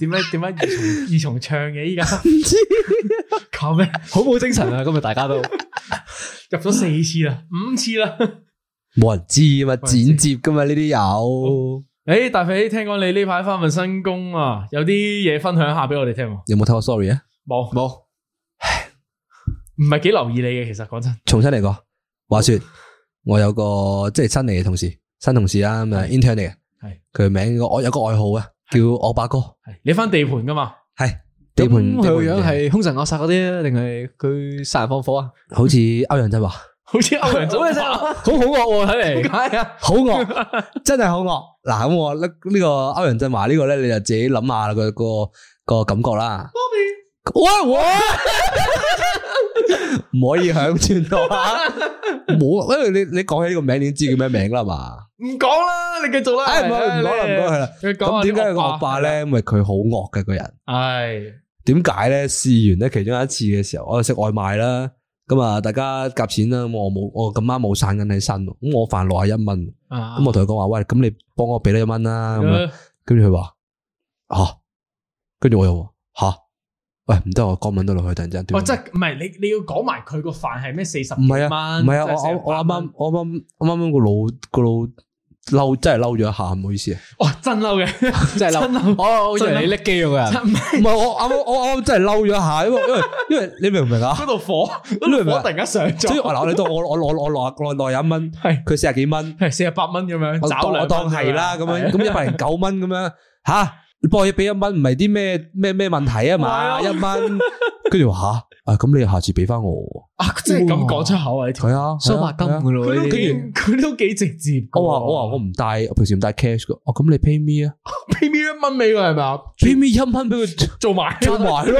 點樣點樣二重 二重唱嘅依家？唔知搞咩？好冇精神啊！今日大家都入咗四次啦，五次啦，冇人知噶嘛？剪接噶嘛？呢啲有？誒、欸，大肥，聽講你呢排返份新工啊，有啲嘢分享下俾我哋聽。有冇睇過 story 啊？冇冇，唔係幾留意你嘅。其實講真，重新嚟過。話說，我有個即係新嚟嘅同事，新同事啦，咁啊對，intern 嚟嘅。係佢對名我有個愛好啊。叫我八哥，你翻地盤噶嘛？係地盤，佢樣係凶神惡煞嗰啲啊，定係佢殺人放火啊？ 好似歐陽震華， 好似歐陽震華，好好惡睇嚟，係啊，好惡，真係好惡。嗱，咁我呢呢個歐陽震華呢個咧，你就自己諗下啦，個個個感覺啦。我我唔可以響轉頭？冇，因為你你講起呢個名，你知叫咩名啦嘛？唔講啦，你繼續啦。哎，唔好唔好唔好佢啦。咁點解係個惡霸咧？因為佢好惡嘅個人。係點解咧？試完咧，其中一次嘅時候，我食外賣啦，咁啊，大家夾錢啦，我冇，我咁啱冇散緊起身，咁我飯六啊一蚊，咁我同佢講話，喂，咁你幫我俾你一蚊啦，咁，跟住佢話吓，跟住我又吓。喂，唔得，我講唔到落去，等陣。我即係唔係你，你要講埋佢個飯係咩？四十五蚊。唔係啊，我我我啱啱我啱啱我啱啱個腦個腦嬲，真係嬲咗一下，唔好意思啊。哇，真嬲嘅，真係嬲。真嬲。我以為你叻肌肉嘅。唔係，我啱啱我我真係嬲咗一下，因為因為因為你明唔明啊？嗰度火，嗰度火突然間上咗。所以我嗱，你當我我我我落落落廿蚊，係佢四廿幾蚊，係四廿八蚊咁樣，我當係啦，咁樣咁一百零九蚊咁樣，吓。你幫我嘢俾一蚊，唔係啲咩咩咩問題啊嘛？一蚊，跟住話吓，啊咁你下次畀翻我啊，佢真係咁講出口啊！佢啊，收埋金噶咯，佢都幾，佢都幾直接。我話我話我唔帶，平時唔帶 cash 噶。哦，咁你 pay me 啊？pay me 一蚊俾佢係咪啊？pay me 一蚊俾佢做埋，做埋咯，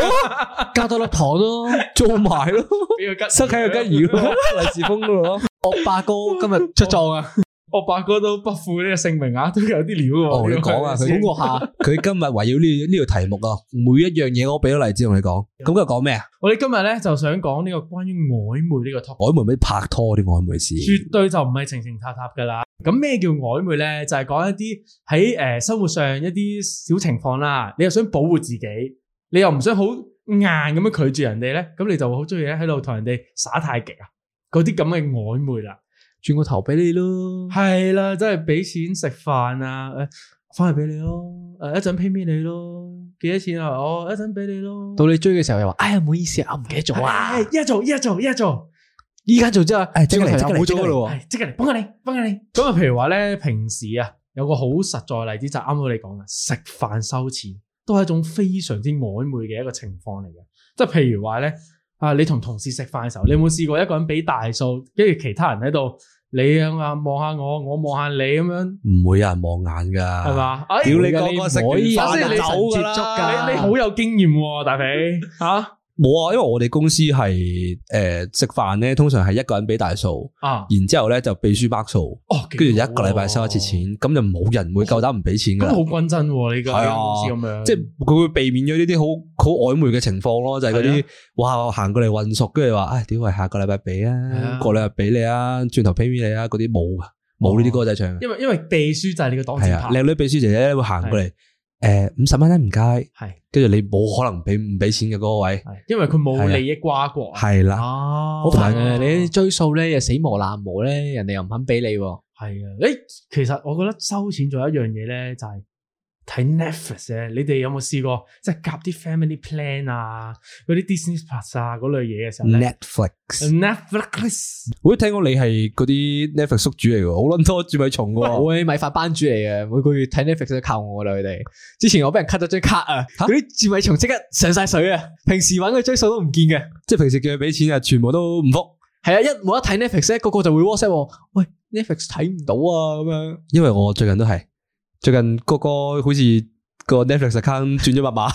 加多粒糖咯，做埋咯，俾佢吉，塞喺個吉耳咯，利是封嗰度咯。我八哥今日出撞啊！我八哥都不負呢個姓名啊，都有啲料。我同你講啊，講、哦、過下，佢 今日圍繞呢呢條題目啊，每一樣嘢我俾咗例子同你講。咁又講咩啊？我哋今日咧就想講呢個關於曖昧呢個 topic。曖昧咩？拍拖啲曖昧事，絕對就唔係情情塔塔噶啦。咁咩叫曖昧咧？就係、是、講一啲喺誒生活上一啲小情況啦。你又想保護自己，你又唔想好硬咁樣拒絕人哋咧，咁你就會好中意喺度同人哋耍太極啊，嗰啲咁嘅曖昧啦。轉個頭俾你咯，係啦，即係俾錢食飯啊，誒，翻去俾你咯，誒，一陣 pay p 你咯，幾多錢啊？我一陣俾你咯。到你追嘅時候又話，哎呀，唔好意思啊，我唔記得做。」「哇，依家做，依家做，依家做，依家做之後，即刻嚟，唔好做啦喎，即刻嚟，幫下你，幫下你。咁啊，譬如話咧，平時啊，有個好實在例子就啱到你講啦，食飯收錢都係一種非常之曖昧嘅一個情況嚟嘅，即係譬如話咧。啊！你同同事食飯嘅時候，你有冇試過一個人俾大數，跟住其他人喺度，你向下望下我，我望下你咁樣，唔會有人望眼㗎，係嘛吧？屌你個個食完飯就走㗎啦！你你好了有接觸，你好有經驗喎、啊，大肥嚇。 冇啊，因為我哋公司係誒食飯咧，通常係一個人俾大數，然之後咧就秘書百數，跟住一個禮拜收一次錢，咁就冇人會夠膽唔俾錢嘅，咁好均真呢個公司啊，咁樣，即係佢會避免咗呢啲好好曖昧嘅情況咯，就係嗰啲哇行過嚟混熟，跟住話唉，點會下個禮拜俾啊，過兩日俾你啊，轉頭 pay you 你啊，嗰啲冇啊，冇呢啲歌仔唱，因為因為秘書就係你個檔啊，靚女秘書姐姐會行過嚟。誒，五十蚊咧唔該，係，跟住的你冇可能俾唔俾錢嘅嗰位，係，因為佢冇利益瓜葛，係啦的，好煩啊，你追數咧又死磨爛磨咧，人哋又唔肯俾你，係啊的，誒、欸，其實我覺得收錢仲有一樣嘢咧，就係。睇 Netflix 你哋有冇試過即係夾啲 Family Plan 啊，嗰啲 Disney Plus 啊嗰類嘢嘅時候 Netflix Netflix 我都聽過你係嗰啲 Netflix 宿主嚟噶，好撚多住米蟲噶， 我係米發班主嚟嘅，每個月睇 Netflix 都靠我啦，佢哋之前我俾人 cut 咗張卡啊，嗰啲蛤住米蟲即刻上晒水啊！平時搵佢追數都唔見嘅，即係平時叫佢俾錢啊，全部都唔覆。係啊，一冇得睇 Netflix，一個個就會 WhatsApp 我，喂 Netflix 睇唔到啊咁樣。因為我最近都係。最近哥哥好似個 Netflix account 轉咗密碼，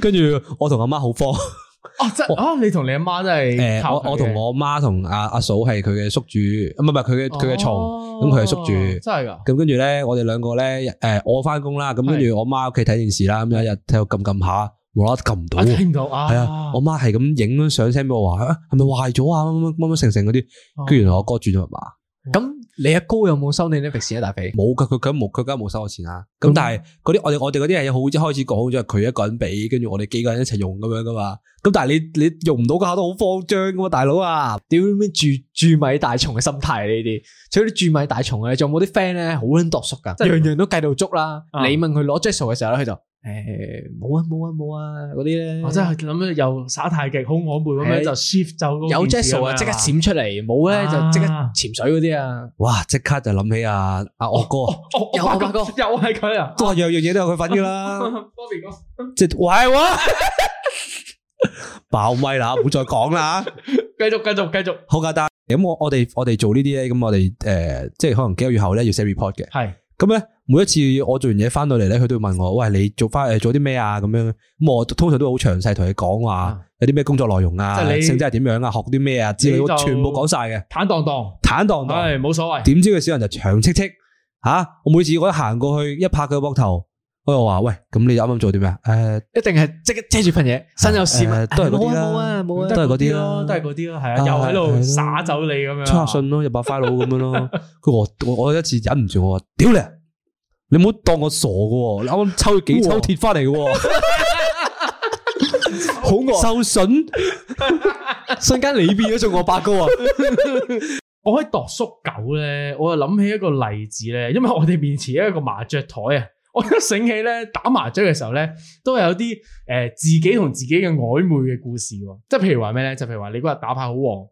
跟住我同阿媽好慌。哦，真哦，你同你阿媽真係誒，我我同我阿媽同阿阿嫂係佢嘅宿主，唔係唔係佢嘅佢嘅床，咁佢係宿主。真係噶。咁跟住咧，我哋兩個咧，誒，我翻工啦，咁跟住我媽屋企睇電視啦，有一日睇到撳撳下，冇啦撳唔到。聽到啊？係啊，我媽係咁影相 send 俾我話，係咪壞咗啊？乜乜乜乜成成嗰啲，跟住原來我哥轉咗密碼，咁。你阿哥，哥有冇收你呢筆錢啊？大肥冇，佢佢佢冇，佢家冇收我錢啊。咁但係啲我哋我哋嗰啲係好似係開始講咗，佢一個人俾，跟住我哋幾個人一齊用咁樣噶嘛。咁但係你你用唔到嘅話都好慌張噶嘛，大佬啊！屌咩住住米大蟲嘅心態呢啲，除咗啲住米大蟲啊，仲有冇啲 friend 咧好撚度數噶，即係是樣樣都計到足啦。嗯、你問佢攞 Jass 嘅時候咧，佢就。誒，冇啊，冇啊，冇啊，嗰啲咧，我真係諗咧，又耍太極，好曖昧咁樣就 shift 走，有 Jazz 啊，即刻閃出嚟，冇咧就即刻潛水嗰啲啊。哇，即刻就諗起啊，阿嶽哥，嶽嶽哥，又係佢啊，都係樣樣嘢都有佢份噶啦，多面哥，即係我爆咪啦，唔好再講啦，繼續繼續繼續，好簡單，咁我我哋我哋做呢啲咧，咁我哋誒，即係可能幾個月後咧要寫 report 嘅，係。咁咧，每一次我做完嘢翻到嚟咧，佢都會問我：喂，你做翻誒做啲咩啊？咁樣，咁我通常都好詳細同佢講話，啊、有啲咩工作內容啊？即係你性質係點樣啊？學啲咩啊？之類就，全部講晒嘅，坦蕩蕩，坦蕩蕩，唉、哎，冇所謂。點知佢小人就長戚戚，吓、啊！我每次我一行過去一拍佢膊頭。我話喂，咁你啱啱做啲咩啊？誒、呃，一定係即刻遮住份嘢，身有事咪、呃，都係嗰啲啦，冇、哎、啊，冇啊，都係嗰啲咯，都係嗰啲咯，係啊，又喺度耍走你咁樣，出信咯，入把快佬咁樣咯。佢我我我有一次忍唔住，我話，屌你，你唔好當我傻噶，啱啱抽咗幾抽鐵翻嚟，好惡受損，瞬間你變咗做我八哥啊！ 我喺度叔狗咧，我又諗起一個例子咧，因為我哋面前有一個麻雀台啊。我一醒起咧，打麻雀嘅時候咧，都有啲誒自己同自己嘅曖昧嘅故事，即係譬如話咩咧？就譬如話你嗰日打牌好旺，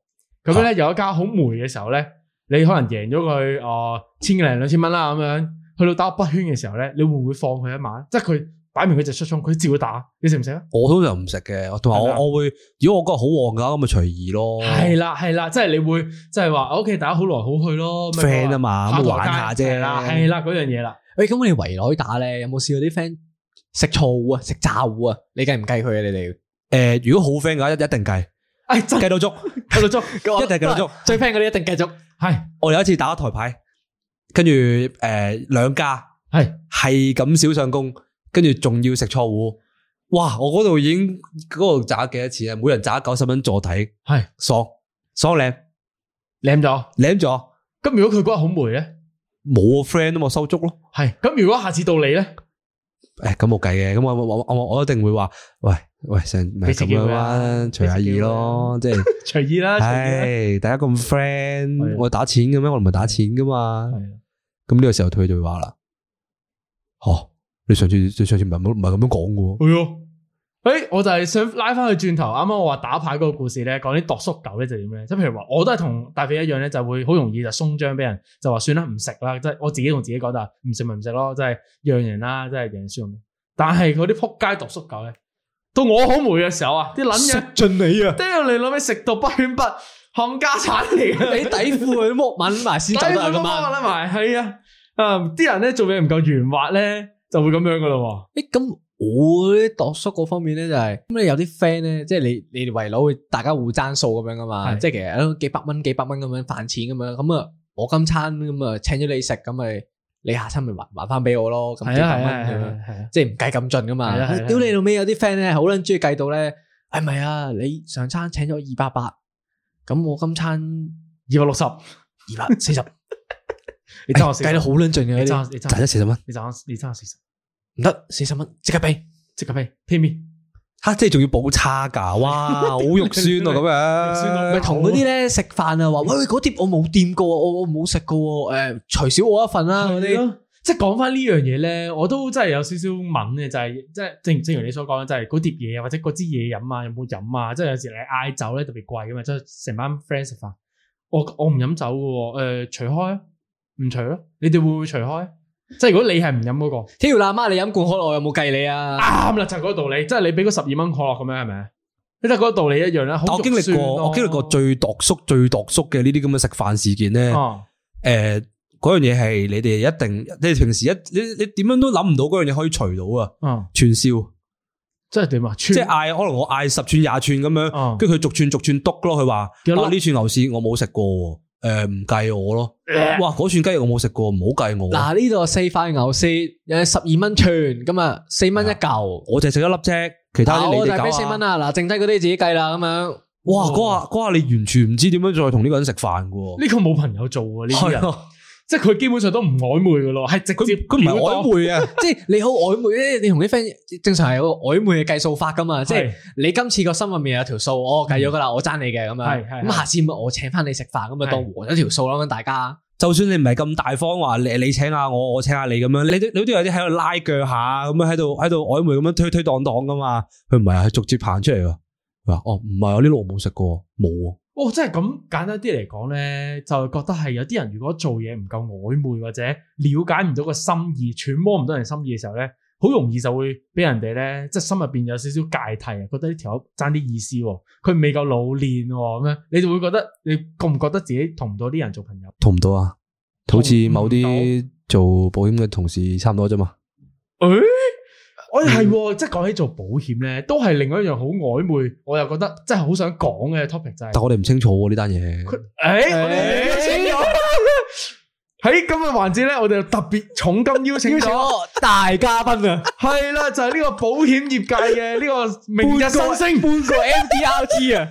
咁樣咧有一家好霉嘅時候咧，你可能贏咗佢誒千零兩千蚊啦，咁樣去到打北圈嘅時候咧，你會唔會放佢一晚？即係佢擺明佢隻出沖，佢照打，你食唔食啊？我通常唔食嘅，同埋我我會，如果我嗰日好旺噶，咁咪隨意咯。係啦係啦，即係你會即係話，O K，大家好來好去咯，friend 啊嘛，咁玩下啫，係啦係啦嗰樣嘢啦。喂，咁我哋圍內打咧，有冇試過啲 friend 食錯糊啊、食炸糊啊？你計唔計佢啊？你哋？誒，如果好 friend 嘅話，一一定計，計到足，計到足，一定計到足。最 friend 啲一定計足。係，我哋有一次打咗台牌，跟住誒兩家係係咁少相公，跟住仲要食錯糊。哇！我嗰度已經嗰度炸咗幾多錢啊？每人炸咗九十蚊坐底，係爽爽靚，靚咗，靚咗。咁如果佢覺得好霉咧？冇 friend 都冇收足咯，係咁如果下次到你咧，誒咁冇計嘅，咁我我我我我，我一定會話，喂喂成咪咁樣啦，隨、啊、下二咯，即係隨意啦，唉、 哎、大家咁 friend，的我打錢嘅咩？我唔係打錢噶嘛，咁呢的個時候佢就話啦，吓、哦、你上次你上次唔係唔係咁樣講噶？哎呀！誒，我就係想拉翻去轉頭，啱啱我話打牌嗰個故事咧，講啲剁宿狗咧就點咧？即係譬如話，我都係同大肥一樣咧，就會好容易就鬆張俾人，就話算啦，唔食啦，即係我自己同自己講就係唔食咪唔食咯，即係讓人啦，即係贏輸用。但係嗰啲撲街剁宿狗咧，到我好霉嘅時候啊，啲捻嘢盡你啊，屌你老味，食到不欠不，冚家鏟嚟嘅，俾底褲佢剝緊埋先，就係咁啦。底埋，係啊，啊，啲人咧做嘢唔夠圓滑咧，就會咁樣噶啦。誒，咁。我呢度叔嗰方面咧就係、是、咁你有啲 friend 咧，即係你你圍樓會大家互爭數咁樣噶嘛，是的 即係其實都幾百蚊幾百蚊咁樣飯錢噶嘛，咁啊我今餐咁啊請咗你食，咁咪你下餐咪還還翻俾我咯，咁幾百蚊即係唔計咁盡噶嘛。屌你老尾有啲 friend 咧好捻中意計到咧，係、哎、咪啊？你上餐請咗二百八，咁我今餐二百六十，二百四十，40，你爭我四十，計得好捻盡嘅，你爭你爭四十蚊，你爭你爭四十。唔得，四十蚊，即刻俾，即刻俾，片面，吓、啊，即係仲要補差價，哇，好 肉酸啊，咁樣，咪同嗰啲咧食飯啊，話、啊啊、喂嗰喂碟我冇掂過，嗯、我我冇食過，誒、呃，除少我一份啦，嗰啲，即係講翻呢樣嘢咧，我都真係有少少敏感嘅，就係即係正正如你所講，就係、是、嗰碟嘢或者嗰支嘢飲啊，有冇飲啊？即係有時你嗌酒咧特別貴咁嘛，即係成班 friend 食飯，我我唔飲酒噶，誒、呃，除開唔除咯，你哋會唔會除開？即係如果你係唔飲嗰個，天耀阿媽你飲罐可樂我有冇計你啊？啱啦，就嗰、是、個道理，即、就、係、是、你俾嗰十二蚊可樂咁樣係咪？你得嗰個道理一樣啦。我經歷過，哦、我經歷過最墮縮、最墮縮嘅呢啲咁嘅食飯事件咧。誒、哦呃，嗰樣嘢係你哋一定，你哋平時一，你你點樣都諗唔到嗰樣嘢可以除到啊？串燒、哦，即係點啊？串即係嗌，可能我嗌十串廿串咁樣，跟住佢逐串逐串督咯。佢話：嗱，呢、啊、串牛舌我冇食過。誒，唔計、呃、我咯，哇，嗰串雞肉我冇食過，唔好計我。嗱，呢度四塊牛舌，有十二蚊串，咁啊四蚊一嚿，我淨食一粒啫，其他你哋搞。俾四蚊啊。嗱，剩低嗰啲自己計啦，咁樣。哇，下下你完全唔知點樣再同呢個人食飯噶，呢個冇朋友做啊呢啲人。 即係佢基本上都唔曖昧噶咯，係直接佢唔係曖昧啊！ 即係你好曖昧咧，你同啲 friend 正常係有曖昧嘅計數法噶嘛？是 即係你今次個心入面有條數、喔，我計咗噶啦，嗯、我爭你嘅咁樣。咁、嗯、下次咪我請翻你食飯，咁咪當和咗條數咯，咁大家。就算你唔係咁大方話，你你請下我，我請下你咁樣，你你都有啲喺度拉鋸下，咁樣喺度喺度曖昧咁樣推推擋擋噶嘛？佢唔係啊，係直接行出嚟佢話哦，唔係我呢度我冇食過，冇。哦，即係咁簡單啲嚟講咧，就是、覺得係有啲人如果做嘢唔夠曖昧或者了解唔到個心意，揣摩唔到人心意嘅時候咧，好容易就會俾人哋咧，即係心入邊有少少芥蒂，啊，覺得呢條友爭啲意思，佢未夠老練咁樣，你就會覺得，你覺唔覺得自己同唔到啲人做朋友？同唔到啊，好似某啲做保險嘅同事差唔多啫嘛。誒、啊。欸我係即係講起做保險咧，都係另外一樣好曖昧，我又覺得真係好想講嘅 topic 就係。但我哋唔清楚呢單嘢。佢誒，邀、欸欸、請咗喺今日環節咧，我哋特別重金邀請咗大嘉賓啊！係啦， 就係、是、呢個保險業界嘅呢個明日新星， 半個 MDRT 啊！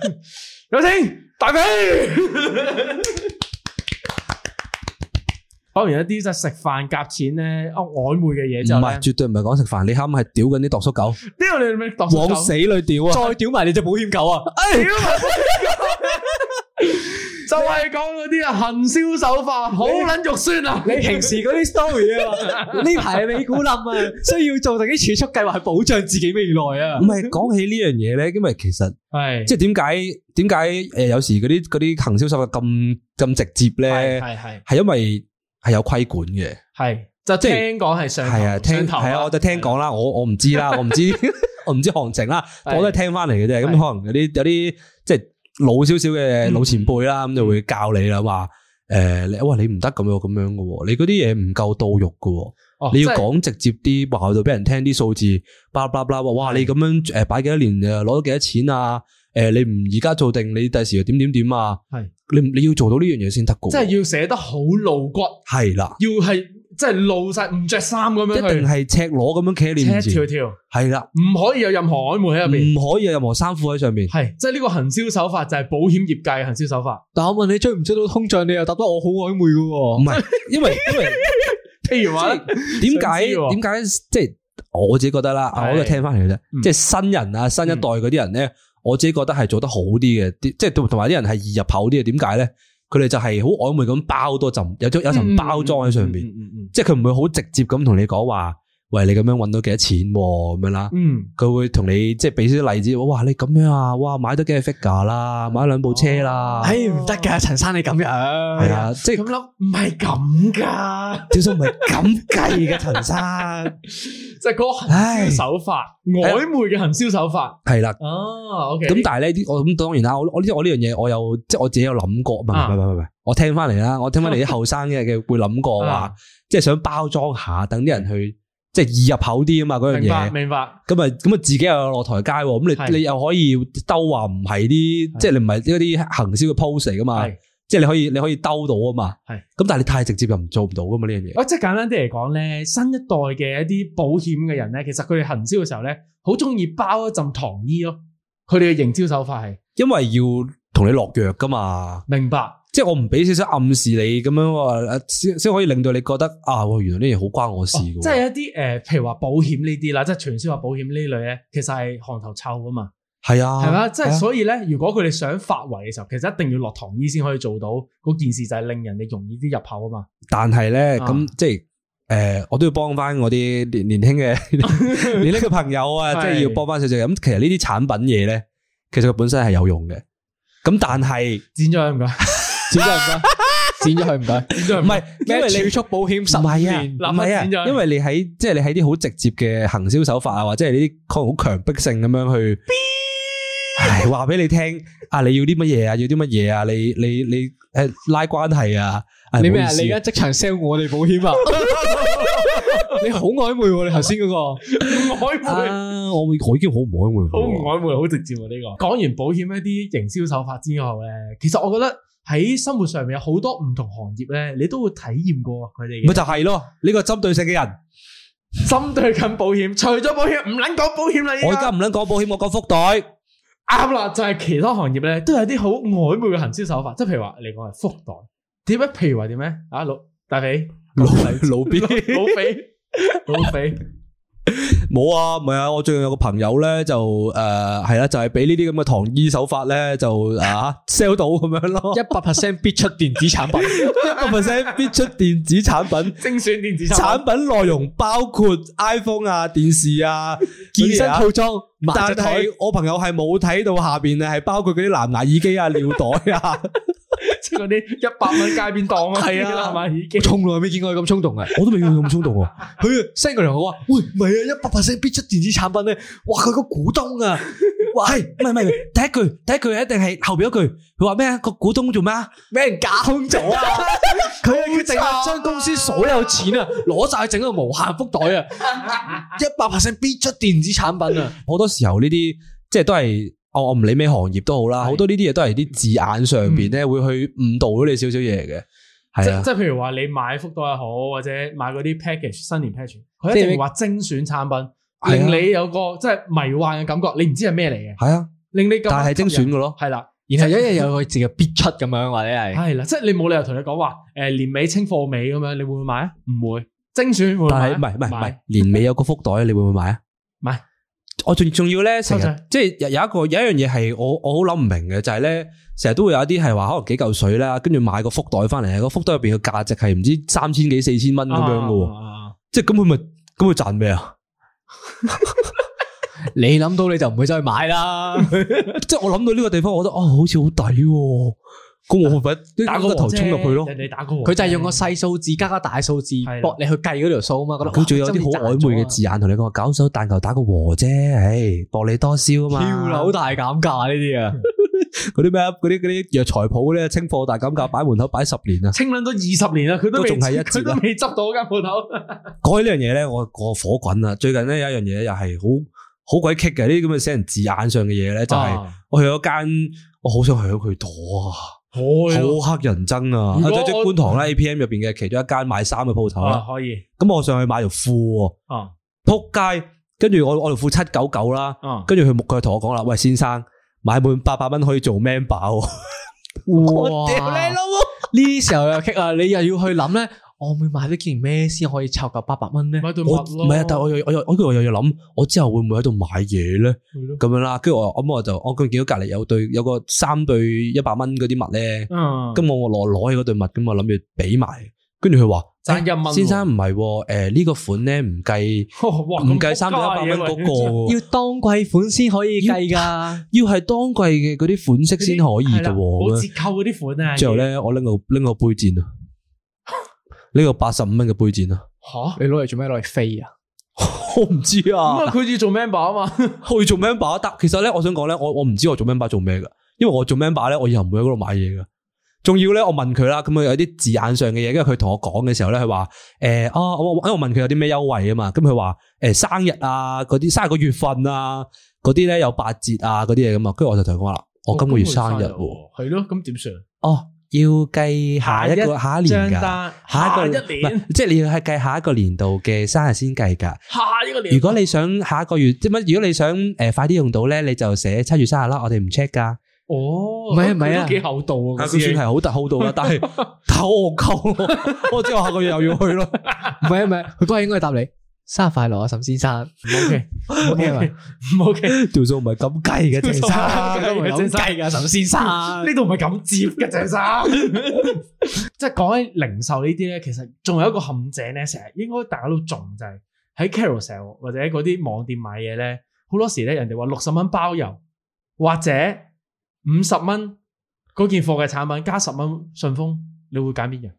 有請大飛。 講完一啲就係食飯夾錢咧，哦，曖昧嘅嘢，就唔係絕對唔係講食飯，你啱係屌緊啲哆叔狗，呢屌你咪哆叔狗，往死裏屌啊！再屌埋你隻保險狗啊！屌、哎！就係講嗰啲啊，行銷手法好撚肉酸啊！你平時嗰啲 story 嘛 啊，呢排你美古啊，需要做定啲儲蓄計劃去保障自己未來啊！唔係講起呢樣嘢咧，因為其實係即係點解點解誒？是是有時嗰啲嗰啲行銷手法咁咁直接咧，係係係因為。係有規管嘅，係就即係聽講係上係啊，聽頭係啊，我就聽講啦，我我唔知啦，我唔知我唔知行情啦，我， 我都係聽翻嚟嘅啫。咁是可能有啲有啲即係老少少嘅老前輩啦，咁、嗯、就會教你啦，話誒、呃，哇，你唔得咁樣咁樣嘅，你嗰啲嘢唔夠度肉嘅，你要講直接啲，話到俾人聽啲數字，叭叭叭，哇，你咁樣誒，擺幾多年啊，攞咗幾多錢啊？誒，你唔而家做定，你第時又點點點啊？係你你要做到呢樣嘢，先得㗎，即係要寫得好露骨，係啦，要係即係露晒唔着衫，咁樣，一定係赤裸咁樣企喺你面前跳跳。係啦，唔可以有任何曖昧喺入邊，唔可以有任何衫褲喺上邊，係即係呢個行銷手法就係保險業界嘅行銷手法。但我問你追唔追到通脹，你又答得我好曖昧㗎喎？唔係，因為因為譬如話，點解點解即係我自己覺得啦，我又聽翻嚟嘅啫，即係新人啊，新一代嗰啲人咧。我自己覺得係做得好啲嘅，即係同埋啲人係易入口啲嘅，點解呢？佢哋就係好曖昧咁包多層，有種有層包裝喺上面，嗯嗯嗯嗯、即係佢唔會好直接咁同你講話。喂，你咁樣搵到幾多錢咁樣啦？嗯，佢會同你即係俾少啲例子。哇，你咁樣啊，哇，買咗幾隻 figure 啦，買兩部車啦，誒唔得嘅，陳生你咁樣係啊，即係咁諗唔係咁噶，點數唔係咁計嘅，陳生即係嗰個行銷手法曖昧嘅行銷手法係啦。哦，OK 咁但係咧啲我咁當然啦，我我呢我呢樣嘢我有即係我自己有諗過啊，唔係唔係唔係，我聽翻嚟啦，我聽翻嚟啲後生嘅嘅會諗過話，即係想包裝下，等啲人去。即係易入口啲啊嘛，嗰樣嘢，明白，明白，咁啊，咁啊，自己又落台階，咁你是你又可以兜話唔係啲，是即係你唔係嗰啲行銷嘅 pose 嚟噶嘛，是即係你可以你可以兜到啊嘛，係是。咁但係你太直接又唔做唔到噶嘛呢樣嘢。哦是，即係簡單啲嚟講咧，新一代嘅一啲保險嘅人咧，其實佢哋行銷嘅時候咧，好中意包一浸糖衣咯。佢哋嘅營銷手法係因為要同你落藥噶嘛，明白。即係我唔俾少少暗示你咁樣，先先可以令到你覺得啊，原來呢嘢好關我事，哦。即係一啲誒、呃，譬如話保險呢啲啦，即係傳銷保險呢類咧，其實係行頭臭啊嘛。係啊，係嘛，即係、啊、所以咧，如果佢哋想發圍嘅時候，其實一定要落糖衣先可以做到嗰件事，就係令人哋容易啲入口啊嘛。但係咧，咁、啊、即係誒、呃，我都要幫翻我啲年輕 年輕嘅年輕嘅朋友啊，即係 是要幫翻少少。咁其實呢啲產品嘢咧，其實佢本身係有用嘅。咁但係剪咗咁噶。 剪咗唔得，剪咗佢唔得，剪咗唔係，是因為儲蓄保險十年，唔係啊，啊，因為你喺即係你喺啲好直接嘅行銷手法啊，或者係呢啲好強迫性咁樣去，唉，話俾你聽啊，你要啲乜嘢啊，要啲乜嘢啊，你你你誒拉關係啊，你咩啊？你而家即場 sell 我哋保險啊？你好曖昧喎，你頭先嗰個，曖 昧，我、uh, 我已經好唔曖昧，好唔曖昧，好直接啊！呢、這個講完保險一啲營銷手法之後咧，其實我覺得。喺生活上面有好多唔同行業咧，你都會體驗過佢哋。咪就係咯，呢、這個針對性嘅人，針對緊保險，除咗保險唔撚講保險啦。我而家唔撚講保險，我講福袋。啱啦，就係、是、其他行業咧，都有啲好曖昧嘅行銷手法，即係譬如話你講係福袋，點解？譬如話點解？啊老大肥老老邊老肥老,老肥。冇啊，唔係啊，我最近有個朋友咧，就誒係啦，就係俾呢啲咁嘅糖衣手法咧就啊 sell 到咁樣咯，一百 percent 必出電子產品， 一百 percent 必出電子產品， 精選電子產品內容包括 iPhone 啊、電視啊、健身套裝，啊、但係我朋友係冇睇到下邊咧係包括嗰啲藍牙耳機啊、尿袋啊。 嗰啲一百蚊街邊檔 啊，係啊， 係嘛？我從來未見過佢咁衝動啊，我都未見過佢咁衝動。佢啊，send 個嚟我話，喂，唔係啊，一百 percent 必出電子產品咧。哇，佢個股東啊，哇，係唔係唔係？第一句，第一句一定係後邊一句。佢話咩啊？個股東做咩啊？俾人架空咗啊！佢啊， 佢整啊，將公司所有錢啊，攞晒整個無限福袋啊，一百 percent 必出電子產品啊！好 多時候呢啲，即係都係。哦，我唔理咩行業都好啦，好多呢啲嘢都係啲字眼上邊咧，會去誤導咗你少少嘢嘅，係即係譬如話你買福袋又好，或者買嗰啲 package 新年 package，佢一定會話精選產品，令你有個即係迷幻嘅感覺，你唔知係咩嚟嘅。係啊，令你咁。但係精選嘅咯，係啦。然後有一日有個字淨係必出咁樣或者係，係啦，即係你冇理由同你講話誒年尾清貨尾咁樣，你會唔會買啊？唔會精選會。唔係唔係唔係年尾有個福袋，你會唔會買啊？買。我仲仲要咧，其實 Okay. 即係有一個有一樣嘢係我我好諗唔明嘅，就係咧成日都會有一啲係話可能幾嚿水啦，跟住買個福袋翻嚟，個福袋入邊嘅價值係唔知三千幾四千蚊咁樣嘅，uh. 即係咁佢咪咁佢賺咩啊？ 你諗到你就唔會再買啦。 即係我諗到呢個地方，我覺得、哦、啊，好似好抵。公墓份打個和頭衝入去咯，佢就係用個細數字加個大數字搏你去計嗰條數啊嘛。佢仲有啲好曖昧嘅字眼同你講，搞手彈球打個和啫，唉，薄利多銷啊嘛。跳樓大減價呢啲啊，嗰啲咩嗰啲嗰啲藥材鋪咧，清貨大減價，擺門口擺十年啊，清捻咗二十年啊。佢都仲係一佢都未執到間鋪頭。講起呢樣嘢咧，我個火滾啊！最近咧有一樣嘢又係好好鬼棘嘅，呢啲咁嘅寫人字眼上嘅嘢咧，就係我去咗間，我好想去佢度啊。啊、好黑人憎啊，果啊！即最最觀塘咧、啊、，APM 入邊嘅其中一間買衫嘅鋪頭啦，可以。咁我上去買條褲，啊，嗯、仆街！條褲 99, 跟住我我條褲七九九啦，跟住佢木腳同我講啦，喂，先生買滿八百蚊可以做 member、哦哇。我屌你老母！呢時候又棘 u 啊，你又要去諗咧。 我會買呢件咩先可以湊夠八百蚊咧？買對襪咯，唔係啊！但係我又我又我跟住我又要諗，我之後會唔會喺度買嘢咧？咁樣啦，跟住我咁，我就我佢見到隔籬有對有個三對、嗯、對一百蚊嗰啲襪咧，咁我我攞攞起嗰對襪咁我諗住俾埋，跟住佢話先生唔係誒呢個款咧唔計唔計三對一百蚊嗰個，要當季款先可以計噶，要係當季嘅嗰啲款式先可以噶，冇折扣嗰啲款啊！之、嗯、後咧我拎個拎個杯墊啊。呢個八十五蚊嘅杯墊啊！吓蛤，你攞嚟做咩？攞嚟飛啊！ 我唔知啊。咁啊，佢好似做 member 啊嘛，去做 member 得。其實咧，我想講咧，我我唔知我做 member 做咩噶，因為我做 member 咧，我以後唔會喺嗰度買嘢噶。仲要咧，我問佢啦，咁啊有啲字眼上嘅嘢，因為佢同我講嘅時候咧，佢話誒，哦、欸啊，因為我問佢有啲咩優惠啊嘛，咁佢話誒，生日啊，嗰啲生日個月份啊，嗰啲咧有八折啊，嗰啲嘢咁啊，跟住我就同佢講啦，我今個月生日喎，係咯，咁點算啊？哦要計下一個下一年噶，下一個年，即係、就是、你要係計下一個年度嘅生日先計噶。下一個年，如果你想下一個月，即係乜？如果你想誒快啲用到咧，你就寫七月生日啦，我哋唔 check 噶。哦，唔係啊，唔係啊，幾厚道啊，佢算係好大厚道啊，但係但係我戇鳩咯，我知我下個月又要去咯，唔係 啊，唔係，佢都係應該答你。生日快樂啊，沈先生。唔好嘅，唔好嘅，唔好嘅。條數唔係咁計嘅，鄭 生，唔係咁計嘅，沈先生。呢度唔係咁接嘅，鄭生。 即係講起零售呢啲咧，其實仲有一個陷阱咧，成日應該大家都中就係、是、喺 Carousell 或者嗰啲網店買嘢咧，好多時咧人哋話六十蚊包郵或者五十蚊嗰件貨嘅產品加十蚊順豐，你會揀邊樣？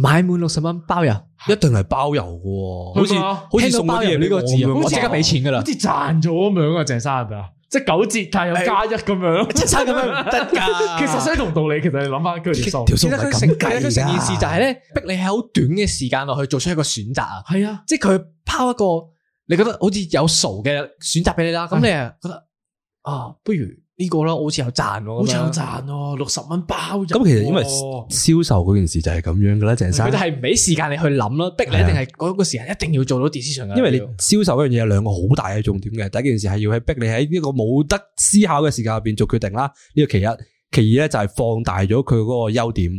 買滿六十蚊包郵，一定係包郵嘅，好似好似送包爺呢個字，咁我即刻俾錢噶啦，好似賺咗咁樣啊！鄭生啊，即九折加有加一咁樣咯，七七咁樣唔得噶。其實相同道理，其實你諗翻佢條數，條數唔係咁計嘅。整件事就係咧，逼你喺好短嘅時間落去做出一個選擇啊。係啊，即佢拋一個你覺得好似有數嘅選擇俾你啦，咁你啊覺得啊，不如。呢、這個啦，好似有賺喎，好似有賺喎、啊，六十蚊包咁、啊。其實因為銷售嗰件事就係咁樣噶啦，鄭生佢哋係唔俾時間你去諗啦，逼你一定係嗰個時間一定要做到 decision 嘅。因為你銷售嗰樣嘢有兩個好大嘅重點嘅，第一件事係要係逼你喺呢個冇得思考嘅時間入邊做決定啦，呢個其一。其二咧就係放大咗佢嗰個優點。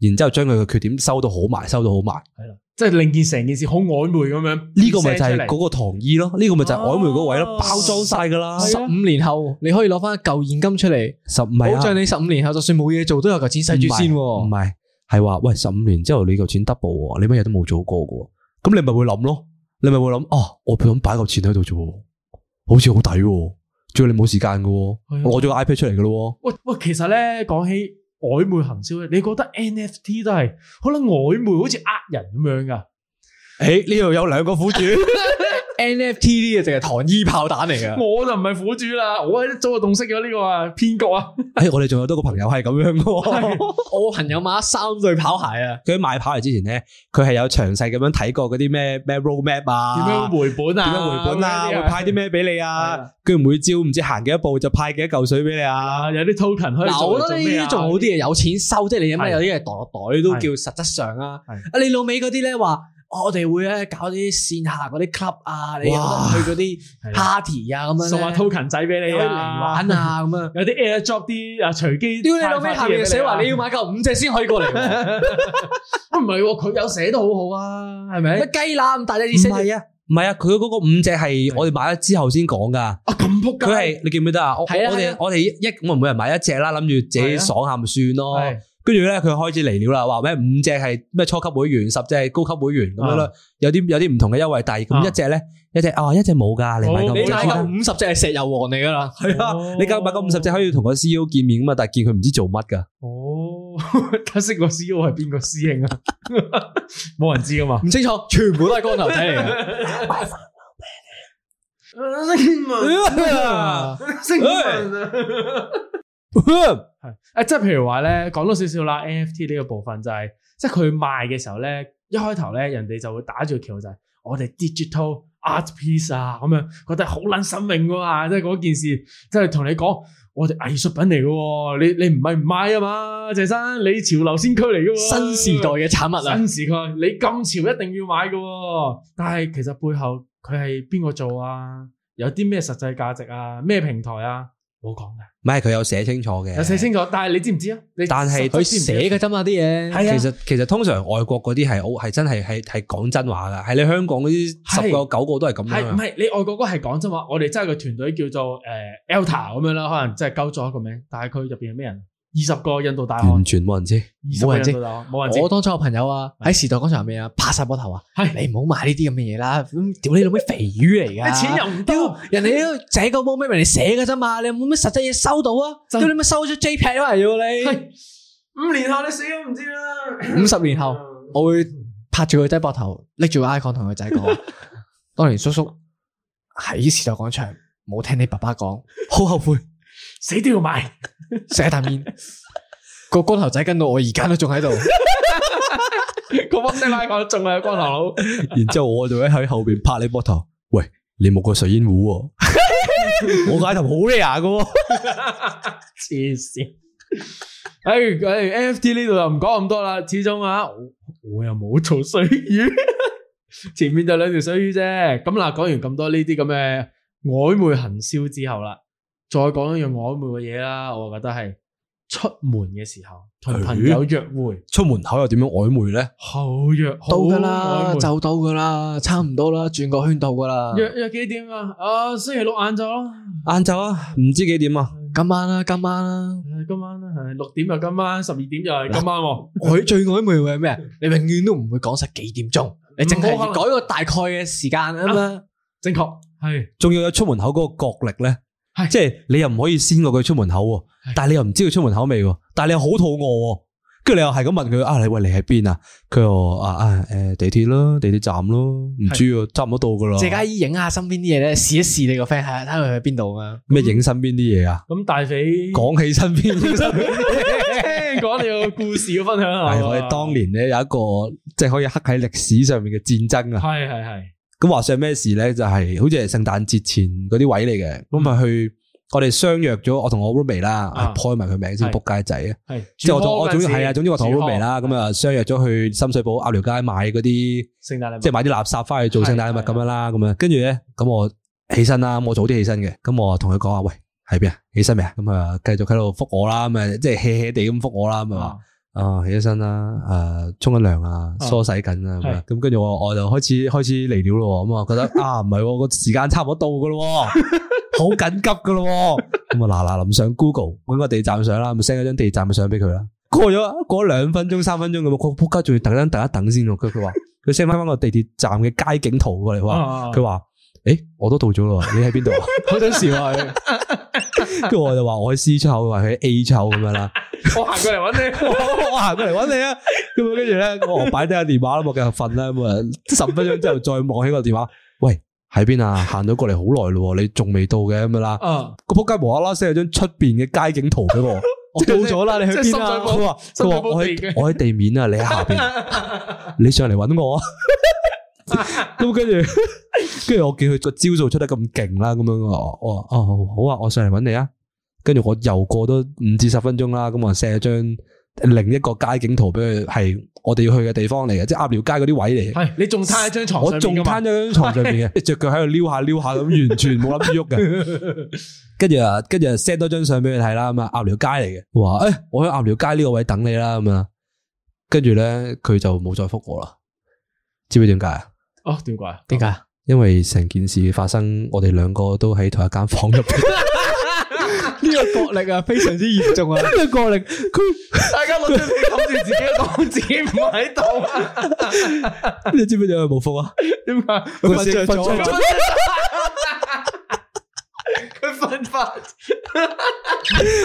然之後將佢嘅缺點收到好埋，收到好埋，係啦，即係令件成件事好曖昧咁樣。呢 個咪就係嗰個糖衣咯，呢、啊、個咪就係曖昧嗰位咯，包裝晒噶啦。十五年後你可以攞翻舊現金出嚟，十五、啊，保障你十五年後就算冇嘢做都有嚿錢使住先。唔係，係話喂，十五年之後你嚿錢 double 喎，你乜嘢都冇做過噶，咁你咪會諗咯，你咪會諗哦、啊，我想擺嚿錢喺度做，好似好抵，最緊要你冇時間噶，啊、我做個 iPad 出嚟噶咯。喂喂，其實咧講起。曖昧行銷咧，你覺得 NFT 都係可能曖昧好，好似呃人咁樣噶？誒，呢度有兩個苦主。 NFT d 嘢淨係糖衣炮彈嚟噶，我就唔係苦主啦，我一早就洞悉咗呢個啊，騙局啊，哎，我哋仲有多個朋友係咁樣，我朋友買咗三對跑鞋啊，佢買跑鞋之前咧，佢係有詳細咁樣睇過嗰啲咩咩 Roadmap 啊，點樣回本啊，點樣回本啊，會派啲咩俾你啊，佢每朝唔知行幾多步就派幾多嚿水俾你啊，有啲 token 去，以啲仲好啲嘢有錢收，即係你而家有啲嘢袋袋都叫實質上啊，啊，你老尾嗰啲咧話。我哋會咧搞啲線下嗰啲 club 啊，你去嗰啲 party 啊，咁樣送下 token 仔俾你，啊，玩啊，咁啊，有啲 airdrop 啲啊隨機。丟你老尾下面寫話你要買夠五隻先可以過嚟，唔係喎，佢有寫都好好啊，係咪？雞乸咁大隻，唔係啊，唔係啊，佢嗰個五隻係我哋買咗之後先講噶。啊咁仆街！佢係你記唔記得啊？我我哋我哋一我唔每人買一隻啦，諗住自己爽下咪算咯。跟住咧，佢開始嚟料啦，話咩五隻係咩初級會員，十隻係高級會員咁樣咯，uh，有啲有啲唔同嘅優惠遞。咁一隻咧，一隻啊、哦，一隻冇噶，你買夠隻五十隻係石油王嚟噶啦，係啊、oh，你夠買夠五十隻可以同個 CEO 見面噶嘛，但係見佢唔知做乜噶。哦，睇識個 CEO 係邊個師兄啊？冇人知噶嘛？唔清楚，全部都係光頭仔嚟。係誒、嗯 啊，即係譬如話咧，講多少少啦，NFT 呢個部分就係、是，即係佢賣嘅時候咧，一開頭咧，人哋就會打住橋就係，我哋 digital art piece 啊，咁樣覺得好卵新命噶嘛，即係嗰件事，即係同你講，我哋藝術品嚟噶、啊，你你唔係唔買啊嘛，謝生，你潮流先驅嚟噶，新時代嘅產物啊，新時代，啊、你咁潮一定要買噶、啊，但係其實背後佢係邊個做啊？有啲咩實際價值啊？咩平台啊？冇講嘅。唔係佢有寫清楚嘅，有寫清楚，但係你知唔知啊？你但係佢寫嘅啫嘛啲嘢，係啊。的其實其實通常外國嗰啲係好係真係係係講真話噶，係你香港啲，十個九個都係咁樣。係唔係你外國嗰係講真話？我哋真係個團隊叫做誒 a、呃、l t h a 咁樣啦，可能即係交咗一個名，但係佢入邊係咩人？二十個印度大漢完全冇人知，冇人知，冇人知。我當初我朋友啊，喺時代廣場入面啊，拍晒膊頭啊，係你唔好買呢啲咁嘅嘢啦，咁屌你老味肥魚嚟噶，啲錢又唔得，人哋呢都仔個波咩嚟寫嘅啫嘛，你冇咩實際嘢收到啊？屌你咪收咗 J p 都係要你，五年後你死都唔知啦，五十年後我會拍住佢低膊頭，拎住個 icon 同佢仔係講，當年叔叔喺時代廣場冇聽你爸爸講，好後悔。死都要買，食下啖煙。個光頭仔跟到我而家都仲喺度，個波聲啦，我仲係光頭佬。然之後我就喺後邊拍你膊頭，喂，你冇個水煙壺喎， 我塊頭好靚噶，黐線。哎哎，NFT 呢度又唔講咁多啦，始終啊，我，我又冇做水魚， 前面就兩條水魚啫。咁嗱，講完咁多呢啲咁嘅曖昧行銷之後啦。再講一樣曖昧嘅嘢啦，我覺得係出門嘅時候同朋友約會，出門口又點樣曖昧咧？好約好到噶啦，就到噶啦，差唔多啦，轉個圈到噶啦。約約幾點啊？啊，星期六晏晝咯，晏晝啊，唔知幾點啊？今晚啦，今晚啦，今晚啦，六點就今晚，十二點就係今晚。佢最曖昧嘅係咩啊？你永遠都唔會講實幾點鐘，你淨係要改個大概嘅時間啊嘛？正確係，仲要有出門口嗰個角力咧。即係你又唔可以先過佢出門口，是的 但係你又唔知佢出門口未？但係你又好肚餓，跟住你又係咁問佢啊、哎！你喂，你喺邊啊？佢話啊啊誒，地鐵咯，地鐵站咯，唔知啊，的差唔多到噶咯。謝家姨，影下身邊啲嘢咧，試一試你個 friend，睇下睇佢喺邊度啊？咩影身邊啲嘢啊？咁大肥講起身邊，講你個故事嘅分享。係我哋當年咧，有一個，即係可以刻喺歷史上面嘅戰爭啊！係係係。咁話說咩事咧？就係、是、好似係聖誕節前嗰啲位嚟嘅，咁咪、嗯、去我哋相約咗，我同我 r o o m m a t e 啦，開埋佢名先仆街仔啊！即係、哎、的我總我總之係啊，的總之我同 r o o m m a t e 啦，咁啊相約咗去深水埗鴨寮街買嗰啲聖誕，即係買啲垃圾翻去做聖誕禮物咁樣啦，咁樣跟住咧，咁我起身啦，我早啲起身嘅，咁我同佢講話，喂，喺邊啊？起身未啊？咁啊，繼續喺度覆我啦，咁啊，即係 h e a h e a 地咁覆我啦，咁啊、嗯。哦呃、洗洗啊，起咗身啦，誒，沖緊涼啊，梳洗緊啊，咁跟住我我就開始是的 開始嚟料咯，咁我覺得 啊唔係個時間差唔多到噶咯，好 緊急噶咯，咁啊嗱嗱臨上 Google 搵個地站上啦，咁 send 咗張地站嘅相俾佢啦，過咗過兩分鐘三分鐘咁佢仆街仲要特登等一等先，佢佢話佢 send 翻翻個地鐵站嘅街景圖過嚟話，佢話。啊誒、欸，我都到咗啦，你喺邊度啊？嗰陣時啊，跟住我就話、嗯、 我喺 C 出口，話佢喺 A 出口咁樣啦。我行過嚟揾你，我行過嚟揾你啊！咁跟住咧，我擺低個電話啦，我繼續瞓啦咁啊。十、嗯、分鐘之後再望起個電話，喂，喺邊啊？行咗過嚟好耐啦，你仲未到嘅咁樣啦。嗯嗯、個仆街無啦啦 send 咗張出邊嘅街景圖俾我。我到咗啦，你喺邊啊？佢話我喺我喺地面啊，你喺下邊，你上嚟揾我。咁跟住，跟住 我見佢個招數出得咁勁啦，咁樣我話：哦、oh，好啊，我上嚟揾你啊！跟住我又過多五至十分鐘啦，咁我 send 咗張另一個街景圖俾佢，係我哋要去嘅地方嚟嘅，即係鴨寮街嗰啲位嚟嘅。係你仲攤一張床，我仲攤咗張床上邊嘅，隻腳喺度撩下撩下咁，完全冇諗住喐嘅。跟住啊，跟住 send 多張相俾佢睇啦，咁啊鴨寮街嚟嘅。Hey, 我話：誒，我喺鴨寮街呢個位等你啦，咁啊。跟住咧，佢就冇再覆我啦。知唔知點解啊？哦，點解？點解？因為成件事發生，我哋兩個都喺同一間房入邊，呢個角力啊，非常之嚴重啊！角力，佢大家攞張紙擋住自己嘅自己唔喺度啊！你知唔知點解冇覆啊？點解佢瞓着咗？佢瞓瞓，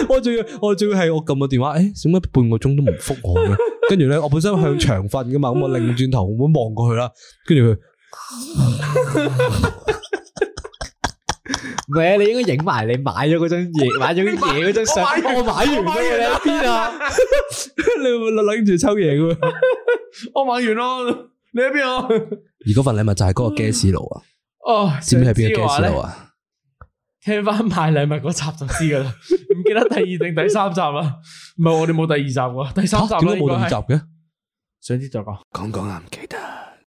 我仲要我仲要係我撳個電話，誒，點解半個鐘都唔覆我嘅？跟住咧，我本身向牆瞓噶嘛，咁我擰轉頭，我望過去啦，跟住佢。唔係啊！你應該影埋你買咗嗰張嘢，買咗啲嘢嗰張相。我買完咗嘢，你喺邊啊？你會諗住抽嘢嘅？我買完咯，你喺邊啊？而嗰份禮物就係嗰個 gas 爐啊！哦，知唔知係邊個 gas 爐啊？聽翻買禮物嗰集就知噶啦，唔記得第二定第三集啦。唔係我哋冇第二集噶，第三集點解冇第五集嘅？上次再講，講講啊，唔記得。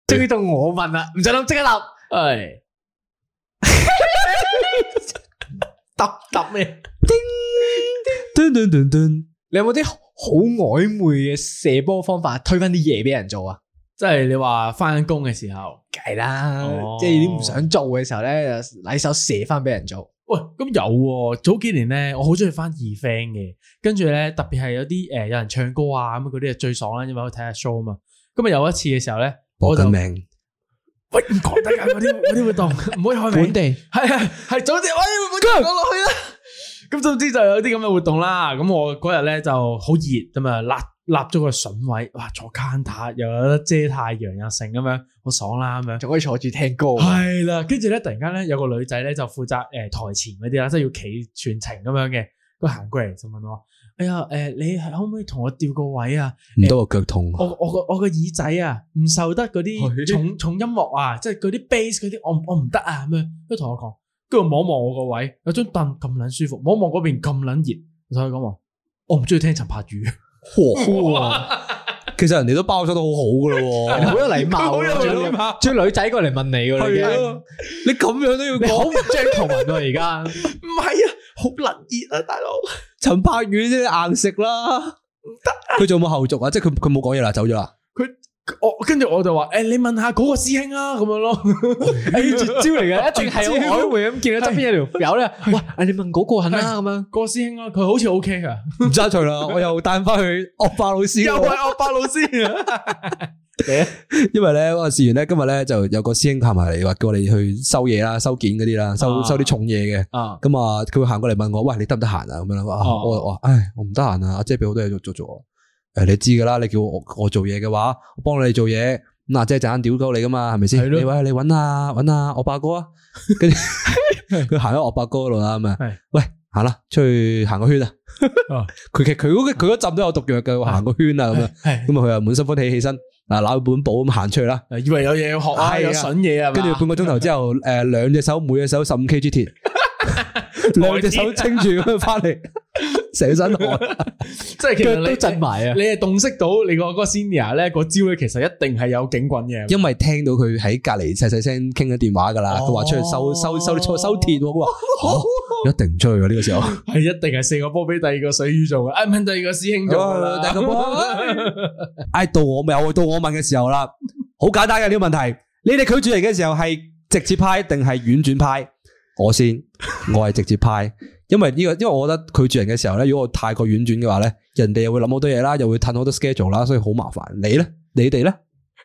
終於到我問啦，唔想諗，即刻諗，係得得咩？叮叮咚，你有冇啲好曖昧嘅射波方法？推返啲嘢俾人做啊！即係你話返工嘅時候，係啦的，哦、即係你唔想做嘅時候咧，就攋手射返俾人做。喂，咁有、哦、早幾年咧，我好中意返二 fan 嘅，跟住咧特別係有啲誒、呃，有人唱歌啊咁嗰啲，最爽啦，因為可以睇下 show 啊嘛。咁啊有一次嘅時候咧。開個名、啊，喂唔該得噶嗰啲嗰啲活動唔會開名。本地係啊係，總之喂，講落去啦。咁總之就有啲咁嘅活動啦。咁我嗰日咧就好熱，咁啊立立咗個笋位，哇坐間太又有得遮太陽又成咁樣，好爽啦咁樣，就可以坐住聽歌。係啦、啊，跟住咧突然間咧有個女仔咧就負責誒、呃、台前嗰啲啦，即係要企全程咁樣嘅，都行過嚟就問我。哎呀，誒，你可唔可以同我調個位啊？唔多我腳痛。我我個我個耳仔啊，唔受得嗰啲重重音樂啊，即係嗰啲 base 嗰啲，我我唔得啊咁樣。跟住同我講，跟住望望我個位，有張凳咁撚舒服，望望嗰邊咁撚熱。我同佢講話，我唔中意聽陳柏宇。哇，其實人哋都包裝得好好噶咯，好有禮貌。追女仔過嚟問你嘅，你咁樣都要講唔尊重人啊？而家唔係啊。好冷熱啊，大佬！陳柏宇啲硬食啦，唔得！佢做冇後續啊？即係佢佢冇講嘢啦，走咗啦。佢我跟住我就話，誒，你問下嗰個師兄啦，咁樣咯。絕招嚟嘅，一定係我開會咁見，側邊有條友咧。喂，你問嗰個人啦，咁樣嗰個師兄啦，佢好似 OK 噶。唔插除啦，我又帶翻去惡霸老師，又係惡霸老師。因為咧，我事完咧，今日咧就有個師兄行埋嚟，話叫我哋去收嘢啦、收件嗰啲啦、收收啲重嘢嘅。啊，咁啊，佢會行過嚟問我，喂，你得唔得閒啊？咁樣我話，唉，我唔得閒啊。阿姐俾好多嘢做做做。誒，你知噶啦，你叫我我做嘢嘅話，我幫你做嘢。咁阿姐陣間屌鳩你噶嘛，係咪先？你搵你搵啊，我八哥啊。跟住佢行咗我八哥度啦，咁啊，喂，行啦，出去行個圈啊。佢佢佢一浸都有毒藥嘅，行個圈啊，咁樣。咁啊，佢又滿心歡喜起身。啊！嗱本簿咁行出去啦，以為有嘢要學，有筍嘢，跟住半個鐘頭之後，誒 兩隻手每隻手十五 Kg 鐵，兩隻手掙住返嚟。 成 身汗 寒， 即係其實都震埋啊！你係洞悉到你哥哥 ior, 個嗰 senior 咧，個招咧其實一定係有警棍嘅。因為聽到佢喺隔籬細細聲傾緊電話噶啦，佢話、哦、出去收收收收鐵喎、啊，一定唔出去嘅呢個時候。係 一定係四個波俾第二個水魚做嘅，阿敏、啊、第二個師兄做嘅。但係 到我咪有到我問嘅時候啦，好簡單嘅呢、這個問題，你哋拒絕嚟嘅時候係直接派定係婉轉派？我先，我係直接派。 因為呢個，因為我覺得拒絕人嘅時候咧，如果我太過婉轉嘅話咧，人哋又會諗好多嘢啦，又會褪好多 schedule 啦，所以好麻煩。你咧，你哋咧？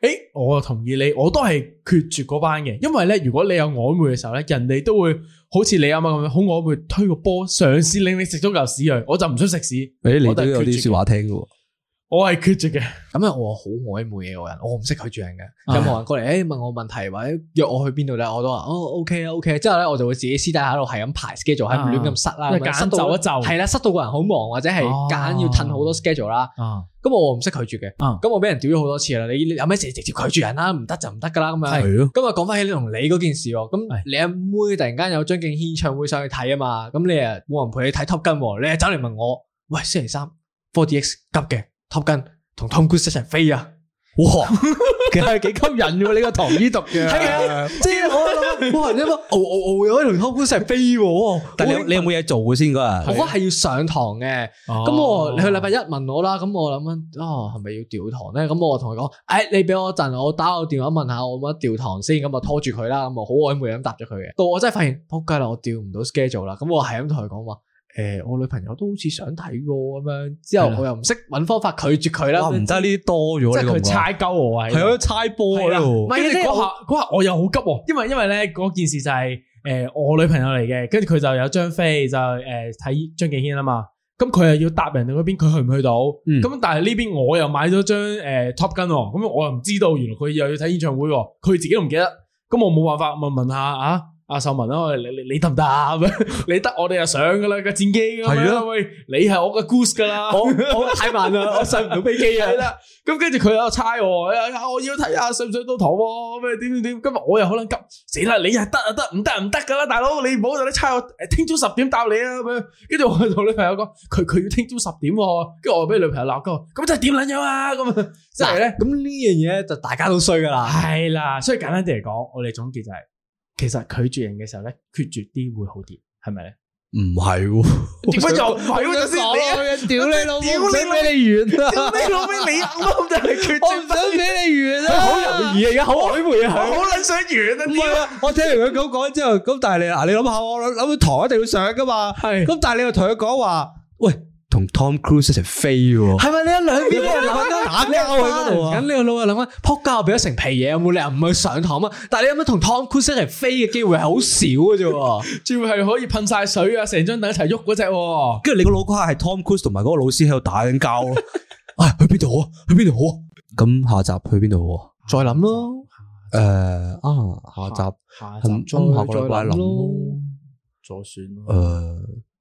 誒、欸，我同意你，我都係決絕嗰班嘅。因為咧，如果你有曖昧嘅時候咧，人哋都會好似你啱啱咁樣好曖昧，推個波，上司令你食咗嚿屎去，我就唔想食屎。誒、欸，你都有啲說話聽㗎。我係拒絕嘅，咁啊 我好曖昧嘅個人，我唔識拒絕人嘅。有冇唉人過嚟誒問我問題，或者約我去邊度咧？我都話哦，OK 啊，OK。之後咧我就會自己私底下喺度係咁排 schedule，喺亂咁塞啦，塞到一就。係啦，塞到個人好忙或者係夾硬要褪好多 schedule 啦、啊。咁、啊、我唔識拒絕嘅，咁、啊、我俾人屌咗好多次啦。你有咩事直接拒絕人啦，唔得就唔得噶啦。咁啊，的今日講翻起你同你嗰件事，咁你阿妹，妹突然間有張敬軒演唱會上去睇啊嘛，咁你啊冇人陪你睇 Top Gun，你啊走嚟問我，喂，星期三 Four D X 急嘅。吸筋同 Tom Cruise 一齊飛啊！哇，其實係幾吸引嘅，呢個唐伊讀嘅，即係我諗哇，你乜哦哦哦，可以同 Tom Cruise 一齊飛喎！但你你有冇嘢做嘅先嗰日？我係要上堂嘅，咁我你去禮拜一問我啦，咁我諗諗哦，係咪要調堂咧？咁我同佢講，誒，你俾我陣，我打個電話問下，我可唔可以調堂先？咁就拖住佢啦，咁啊好曖昧咁答咗佢嘅。到我真係發現，仆街啦，我調唔到 schedule 啦。咁我係咁同佢講話。誒、呃，我女朋友都好似想睇喎，咁樣之後我又唔識搵方法拒絕佢啦。唔得呢啲多咗，即係佢猜鳩我係啊，猜波。跟住嗰下，下我又好急，因為因為咧件事就係、是、誒、呃、我女朋友嚟嘅，跟住佢就有張飛就誒睇張敬軒啊嘛。咁佢又要搭人哋嗰邊，佢去唔去到？咁、嗯、但係呢邊我又買咗張誒 top gun，咁我又唔知道，原來佢又要睇演唱會，佢自己都唔記得。咁我冇辦法問問，問下啊。阿、啊、秀文行行、啊、 啦，你你你得唔得啊？你得，我哋又上噶啦架戰機咁啊，喂，你係我嘅 goose 噶啦， 我我太慢啦，我上唔到飛機嘅啦。咁跟住佢喺度猜，我要想想、um? 怎樣怎樣我要睇下上唔上到堂咁點點點？今日我又可能急死啦！你啊得啊得，唔得唔得噶啦，大佬你唔好同你猜我。誒，聽朝十點答你啊咁樣。跟住我同女朋友講，佢佢要聽朝十點、啊。跟住我俾女朋友鬧，佢咁即係點捻樣啊？咁啊，即係咧。咁呢樣嘢咧就大家都衰噶啦。係啦，所以簡單啲嚟講，我哋總結就係、是。其實拒絕人嘅時候咧，決絕啲會好啲，係咪咧？唔係、啊，點解、啊、就點解先？屌你老屌你老母你，你完、啊，屌你老母你乜咁就係決絕？想俾你完啦，好容易啊，而家好曖昧啊，好卵、啊啊、想完啊，啊！我聽完佢咁講之後，咁但係你啊，你諗下，我諗諗堂一定要上噶嘛，係。咁但係你又同佢講話，喂。同 Tom Cruise 一齊飛喎，係咪你一兩邊都係兩蚊打交喺度啊？咁你個腦啊，諗緊扑街，俾咗成皮嘢有冇理由唔去上堂啊？但係你有冇同 Tom Cruise 一齊飛嘅機會係好少嘅啫？仲要係可以噴晒水啊，成張凳一齊喐嗰隻？跟住你個老嗰下係 Tom Cruise 同埋嗰個老師喺度打緊交咯！去邊度好啊？去邊度好啊？咁下集去邊度好再諗咯。誒啊，下集下集中學嗰個怪諗咯，再算咯。誒。